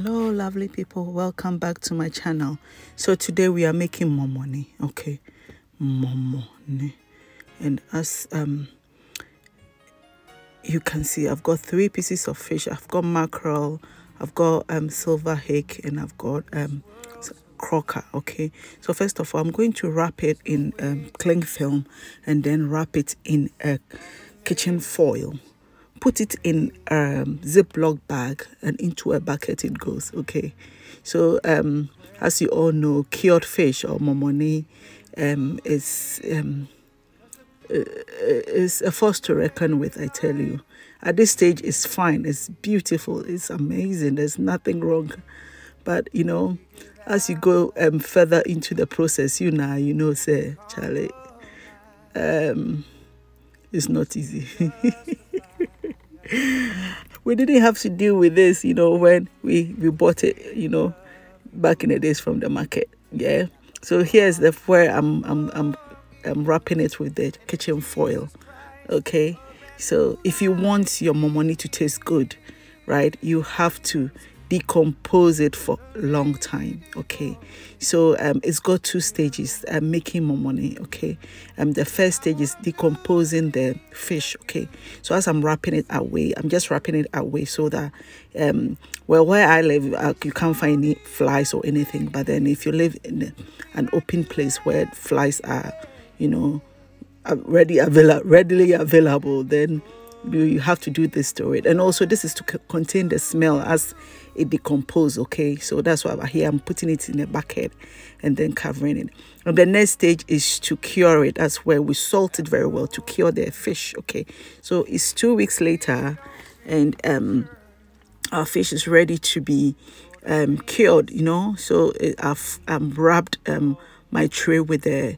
hello lovely people welcome back to my channel so today we are making more money okay more money and as um you can see i've got three pieces of fish i've got mackerel i've got um silver hake and i've got um crocker okay so first of all i'm going to wrap it in um, cling film and then wrap it in a kitchen foil put it in a ziploc bag and into a bucket it goes okay so um as you all know cured fish or momoni um is um uh, is a force to reckon with i tell you at this stage it's fine it's beautiful it's amazing there's nothing wrong but you know as you go um further into the process you now you know say charlie um it's not easy we didn't have to deal with this, you know, when we, we bought it, you know, back in the days from the market. Yeah. So here's the where I'm I'm I'm I'm wrapping it with the kitchen foil. Okay. So if you want your momoni to taste good, right, you have to decompose it for a long time okay so um, it's got two stages i um, uh, making more money okay um, the first stage is decomposing the fish okay so as i'm wrapping it away i'm just wrapping it away so that um, well where i live uh, you can't find any flies or anything but then if you live in an open place where flies are you know uh, ready avail- readily available then you have to do this to it and also this is to contain the smell as it decomposes okay so that's why here i'm putting it in a bucket and then covering it and the next stage is to cure it that's where we salt it very well to cure the fish okay so it's two weeks later and um our fish is ready to be um cured you know so it, i've i'm um, wrapped um my tray with the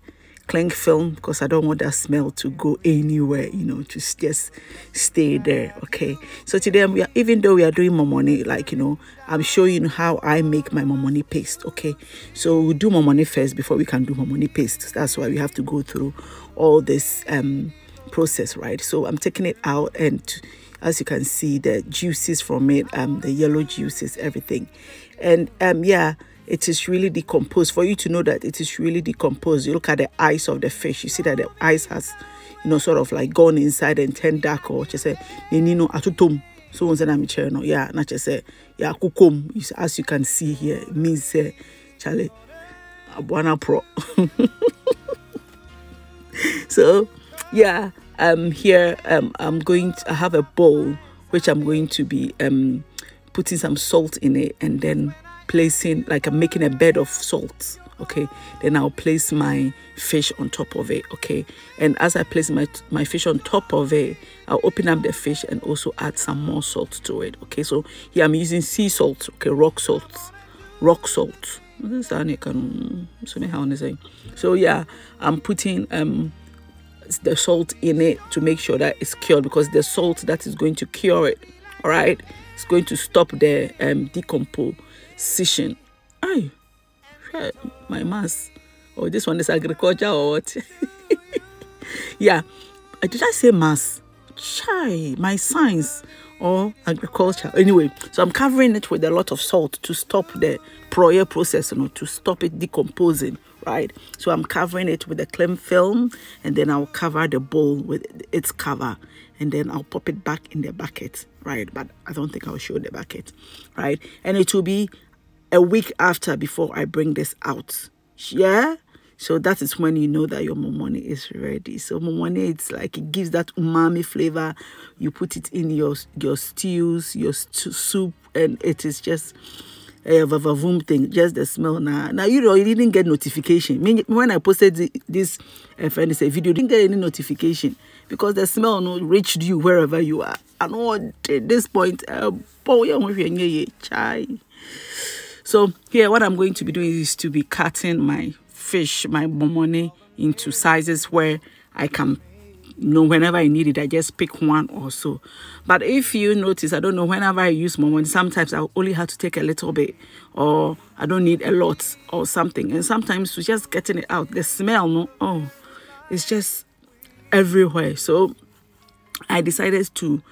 cling film because I don't want that smell to go anywhere, you know, to just stay there. Okay. So today we are, even though we are doing momoni, like you know, I'm showing how I make my momoni paste. Okay. So we we'll do momoni first before we can do momoni paste. That's why we have to go through all this um process, right? So I'm taking it out and as you can see the juices from it, um the yellow juices, everything. And um yeah it is really decomposed for you to know that it is really decomposed you look at the eyes of the fish you see that the eyes has you know sort of like gone inside and turned dark or just say nino atutum so once i'm channel yeah not just say yeah kukum as you can see here it means uh, charlie abuana pro so yeah um here um i'm going to I have a bowl which i'm going to be um putting some salt in it and then placing like I'm making a bed of salt okay then I'll place my fish on top of it okay and as I place my my fish on top of it I'll open up the fish and also add some more salt to it okay so here I'm using sea salt okay rock salt rock salt so yeah I'm putting um the salt in it to make sure that it's cured because the salt that is going to cure it all right it's going to stop the um, decomposition. Aye, my mass. Oh, this one is agriculture or what? yeah. Did I say mass? Chai, my science or agriculture. Anyway, so I'm covering it with a lot of salt to stop the prior process, you know, to stop it decomposing, right? So I'm covering it with a cling film and then I'll cover the bowl with its cover and then I'll pop it back in the bucket right? But I don't think I'll show the bucket, right? And it will be a week after before I bring this out, yeah? So that is when you know that your momoni is ready. So momoni, it's like it gives that umami flavor. You put it in your your stews, your st soup, and it is just a vavavoom thing. Just the smell. Now, now you know you didn't get notification. When I posted this, eh, friend, it's a video, didn't get any notification because the smell reached you wherever you are. I at this point. Eh, so here, what I'm going to be doing is to be cutting my fish, my bomone, into sizes where I can you know whenever I need it, I just pick one or so. But if you notice, I don't know, whenever I use momon, sometimes I only have to take a little bit or I don't need a lot or something. And sometimes we're just getting it out. The smell, no, oh, it's just everywhere. So I decided to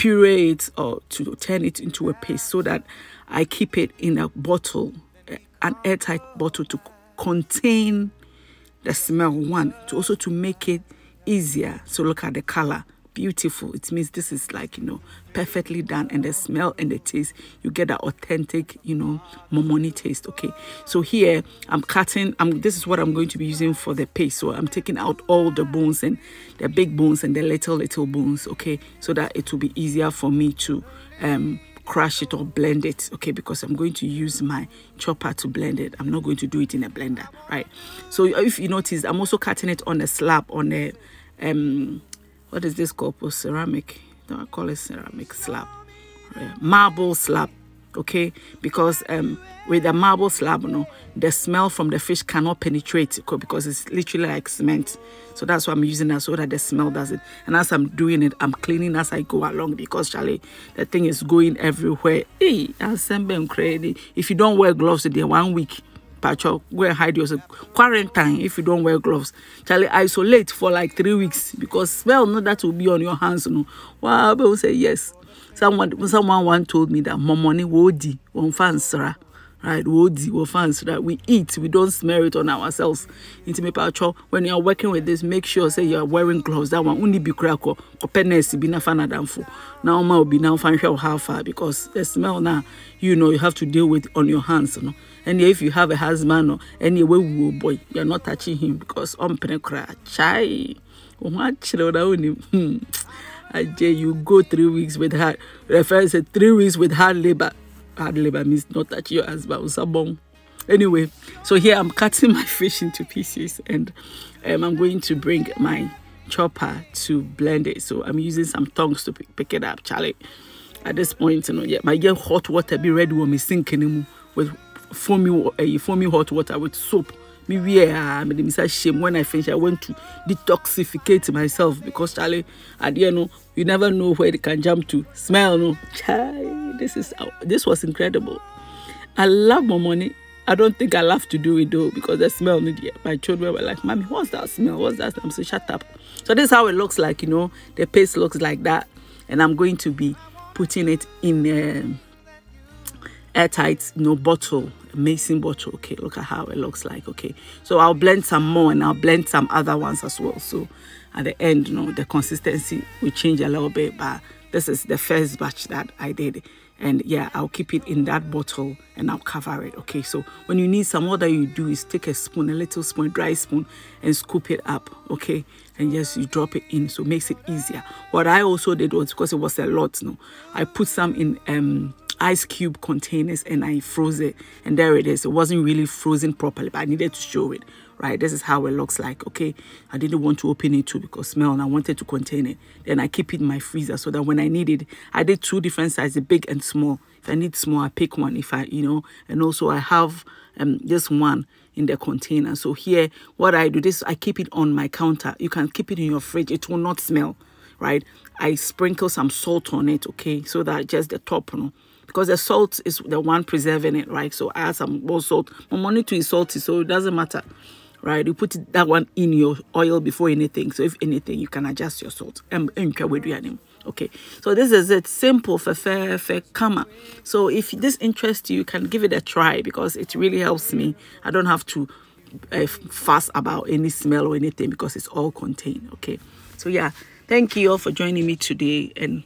puree it or to turn it into a paste so that I keep it in a bottle, eh, an airtight bottle to contain the smell. One, to also to make it easier. So look at the color beautiful. It means this is like, you know, perfectly done. And the smell and the taste, you get that authentic, you know, momoni taste. Okay. So here I'm cutting, I'm, this is what I'm going to be using for the paste. So I'm taking out all the bones and the big bones and the little, little bones. Okay. So that it will be easier for me to, um, crush it or blend it okay because i'm going to use my chopper to blend it i'm not going to do it in a blender right so if you notice i'm also cutting it on a slab on a um what is this called? Ceramic. No, I call it ceramic slab. Yeah. Marble slab. Okay, because um, with the marble slab, you know, the smell from the fish cannot penetrate because it's literally like cement. So that's why I'm using that so that the smell doesn't. And as I'm doing it, I'm cleaning as I go along because, Charlie, the thing is going everywhere. Hey, I'm crazy. If you don't wear gloves today, one week, pacho go and hide yourself quarantine if you don't wear gloves charlie isolate for like three weeks because smell no that will be on your hands no wow people say yes someone someone one told me that my money woody on fans, nsra right we odi we fans that we eat we don't smear it on ourselves Intimate mepa when you are working with this make sure say you are wearing gloves that one only be kura kɔ kɔpɛ nurse bi na fa nadamfo na ɔma obi na ɔfa nhwɛ ɔha afa because the smell na you know you have to deal with on your hands you know. and if you have a husband or any way, boy you are not touching him because ɔmpene um, kura chai ohun akyerɛ ɔna hmm ajay you go three weeks with her. refer say three weeks with hard labour. hard labor means not that your husband was a bomb. Anyway, so here I'm cutting my fish into pieces and um, I'm going to bring my chopper to blend it. So I'm using some tongs to pick it up, Charlie. At this point, you know, yeah, my young hot water be ready when me sink in with foamy, uh, foamy hot water with soap. Me wear ah, made a shame when I finish. I went to detoxificate myself because Charlie, at you know, you never know where they can jump to. Smell, no, Charlie. This is this was incredible. I love my money. I don't think I love to do it though because the smell My children were like, Mommy, what's that smell? What's that? I'm so shut up. So this is how it looks like, you know. The paste looks like that. And I'm going to be putting it in um, airtight you no know, bottle mason bottle okay look at how it looks like okay so i'll blend some more and i'll blend some other ones as well so at the end you know the consistency will change a little bit but this is the first batch that i did and yeah i'll keep it in that bottle and i'll cover it okay so when you need some that you do is take a spoon a little spoon dry spoon and scoop it up okay and yes you drop it in so it makes it easier what i also did was because it was a lot no i put some in um ice cube containers and I froze it. And there it is. It wasn't really frozen properly, but I needed to show it, right? This is how it looks like, okay? I didn't want to open it too because smell and I wanted to contain it. Then I keep it in my freezer so that when I need it, I did two different sizes, big and small. If I need small, I pick one. If I, you know, and also I have um, this one in the container. So here, what I do, this I keep it on my counter. You can keep it in your fridge. It will not smell, right? I sprinkle some salt on it, okay? So that just the top, you know, because the salt is the one preserving it, right? So add some more salt. My money to is salty, so it doesn't matter, right? You put that one in your oil before anything. So if anything, you can adjust your salt. Okay, so this is it. Simple, fair, fair, comma. So if this interests you, you can give it a try because it really helps me. I don't have to uh, fuss about any smell or anything because it's all contained. Okay, so yeah, thank you all for joining me today and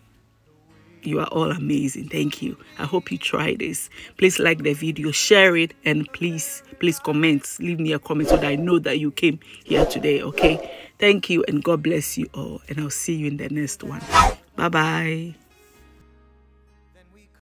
you are all amazing thank you i hope you try this please like the video share it and please please comment leave me a comment so that i know that you came here today okay thank you and god bless you all and i'll see you in the next one bye bye